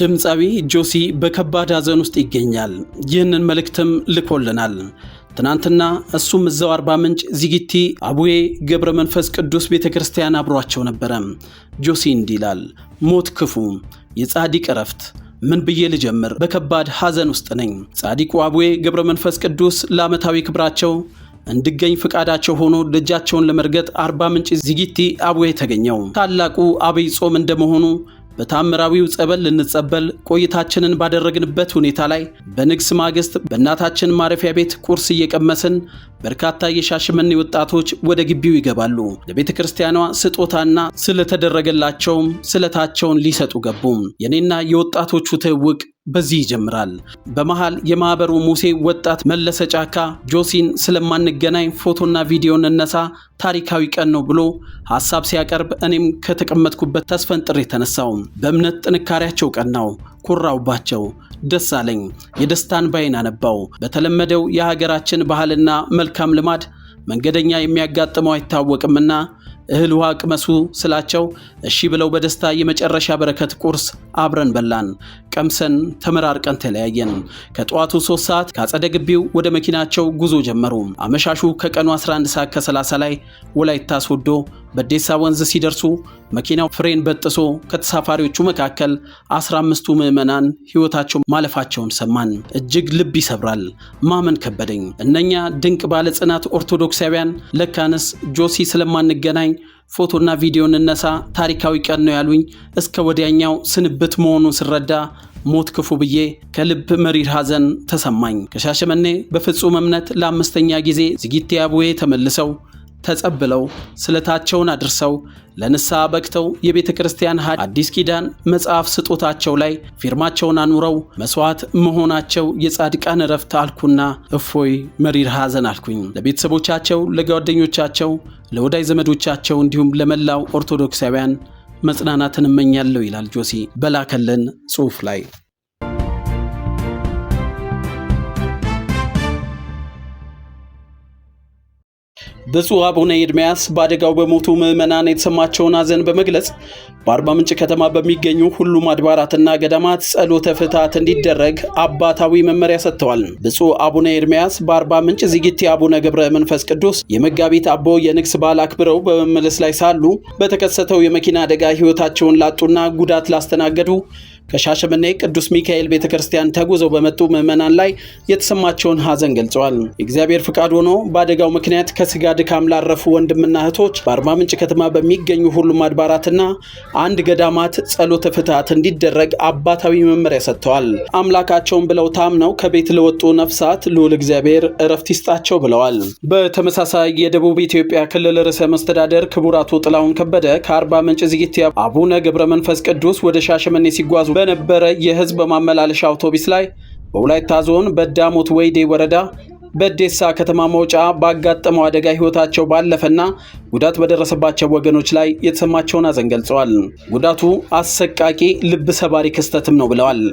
ድምፃዊ ጆሲ በከባድ ሐዘን ውስጥ ይገኛል። ይህንን መልእክትም ልኮልናል። ትናንትና እሱም እዛው አርባ ምንጭ ዚጊቲ አቡዬ ገብረ መንፈስ ቅዱስ ቤተ ክርስቲያን አብሯቸው ነበረ። ጆሲ እንዲህ ይላል። ሞት ክፉ፣ የጻዲቅ እረፍት ምን ብዬ ልጀምር? በከባድ ሐዘን ውስጥ ነኝ። ጻዲቁ አቡዬ ገብረ መንፈስ ቅዱስ ለዓመታዊ ክብራቸው እንድገኝ ፍቃዳቸው ሆኖ ደጃቸውን ለመርገጥ አርባ ምንጭ ዚጊቲ አቡዬ ተገኘው። ታላቁ አብይ ጾም እንደመሆኑ በታምራዊው ጸበል ልንጸበል ቆይታችንን ባደረግንበት ሁኔታ ላይ በንግስ ማግስት በእናታችን ማረፊያ ቤት ቁርስ እየቀመስን በርካታ የሻሸመኔ ወጣቶች ወደ ግቢው ይገባሉ። ለቤተ ክርስቲያኗ ስጦታና ስለተደረገላቸውም ስለታቸውን ሊሰጡ ገቡም። የኔና የወጣቶቹ ትውውቅ በዚህ ይጀምራል። በመሃል የማህበሩ ሙሴ ወጣት መለሰ ጫካ ጆሲን ስለማንገናኝ ፎቶና ቪዲዮ እንነሳ፣ ታሪካዊ ቀን ነው ብሎ ሀሳብ ሲያቀርብ እኔም ከተቀመጥኩበት ተስፈንጥሬ ተነሳው። በእምነት ጥንካሬያቸው ቀናው። ኮራውባቸው። ደስ አለኝ። የደስታን ባይን አነባው። በተለመደው የሀገራችን ባህልና መልካም ልማድ መንገደኛ የሚያጋጥመው አይታወቅምና እህል ውሃ ቅመሱ ስላቸው እሺ ብለው በደስታ የመጨረሻ በረከት ቁርስ አብረን በላን። ቀምሰን ተመራርቀን ተለያየን። ከጠዋቱ ሶስት ሰዓት ከአጸደ ግቢው ወደ መኪናቸው ጉዞ ጀመሩ። አመሻሹ ከቀኑ 11 ሰዓት ከ30 ላይ ወላይታ ሶዶ በዴሳ ወንዝ ሲደርሱ መኪናው ፍሬን በጥሶ ከተሳፋሪዎቹ መካከል 15ቱ ምዕመናን ሕይወታቸው ማለፋቸውን ሰማን። እጅግ ልብ ይሰብራል። ማመን ከበደኝ። እነኛ ድንቅ ባለጽናት ኦርቶዶክሳውያን ለካንስ ጆሲ ስለማንገናኝ ፎቶና ቪዲዮ እንነሳ፣ ታሪካዊ ቀን ነው ያሉኝ እስከ ወዲያኛው ስንብት መሆኑን ስረዳ ሞት ክፉ ብዬ ከልብ መሪር ሐዘን ተሰማኝ። ከሻሸመኔ በፍጹም እምነት ለአምስተኛ ጊዜ ዝጊቴ አቡዬ ተመልሰው ተጸብለው ስለታቸውን አድርሰው ለንስሐ በቅተው የቤተ ክርስቲያን አዲስ ኪዳን መጽሐፍ ስጦታቸው ላይ ፊርማቸውን አኑረው መስዋዕት መሆናቸው የጻድቃን እረፍት አልኩና እፎይ መሪር ሐዘን አልኩኝ። ለቤተሰቦቻቸው፣ ለጓደኞቻቸው ለወዳጅ ዘመዶቻቸው እንዲሁም ለመላው ኦርቶዶክሳውያን መጽናናትን እመኛለሁ ይላል ጆሲ በላከልን ጽሑፍ ላይ። ብፁዕ አቡነ ኤድሚያስ በአደጋው በሞቱ ምዕመናን የተሰማቸውን ሐዘን በመግለጽ በአርባ ምንጭ ከተማ በሚገኙ ሁሉም አድባራትና ገዳማት ጸሎተ ፍትሐት እንዲደረግ አባታዊ መመሪያ ሰጥተዋል። ብፁዕ አቡነ ኤድሚያስ በአርባ ምንጭ ዝግቲ አቡነ ገብረ መንፈስ ቅዱስ የመጋቢት አቦ የንግስ በዓል አክብረው በመመለስ ላይ ሳሉ በተከሰተው የመኪና አደጋ ሕይወታቸውን ላጡና ጉዳት ላስተናገዱ ከሻሸመኔ ቅዱስ ሚካኤል ቤተ ክርስቲያን ተጉዘው በመጡ ምዕመናን ላይ የተሰማቸውን ሐዘን ገልጸዋል። እግዚአብሔር ፍቃድ ሆኖ በአደጋው ምክንያት ከስጋ ድካም ላረፉ ወንድምና እህቶች በአርባ ምንጭ ከተማ በሚገኙ ሁሉም አድባራትና አንድ ገዳማት ጸሎተ ፍትሐት እንዲደረግ አባታዊ መመሪያ ሰጥተዋል። አምላካቸውን ብለው ታምነው ከቤት ለወጡ ነፍሳት ልዑል እግዚአብሔር እረፍት ይስጣቸው ብለዋል። በተመሳሳይ የደቡብ ኢትዮጵያ ክልል ርዕሰ መስተዳደር ክቡር አቶ ጥላሁን ከበደ ከአርባ ምንጭ ዝጊት አቡነ ገብረ መንፈስ ቅዱስ ወደ ሻሸመኔ ሲጓዙ በነበረ የህዝብ ማመላለሻ አውቶቢስ ላይ በወላይታ ዞን በዳሞት ወይዴ ወረዳ በዴሳ ከተማ መውጫ ባጋጠመው አደጋ ህይወታቸው ባለፈና ጉዳት በደረሰባቸው ወገኖች ላይ የተሰማቸውን አዘን ገልጸዋል። ጉዳቱ አሰቃቂ ልብ ሰባሪ ክስተትም ነው ብለዋል።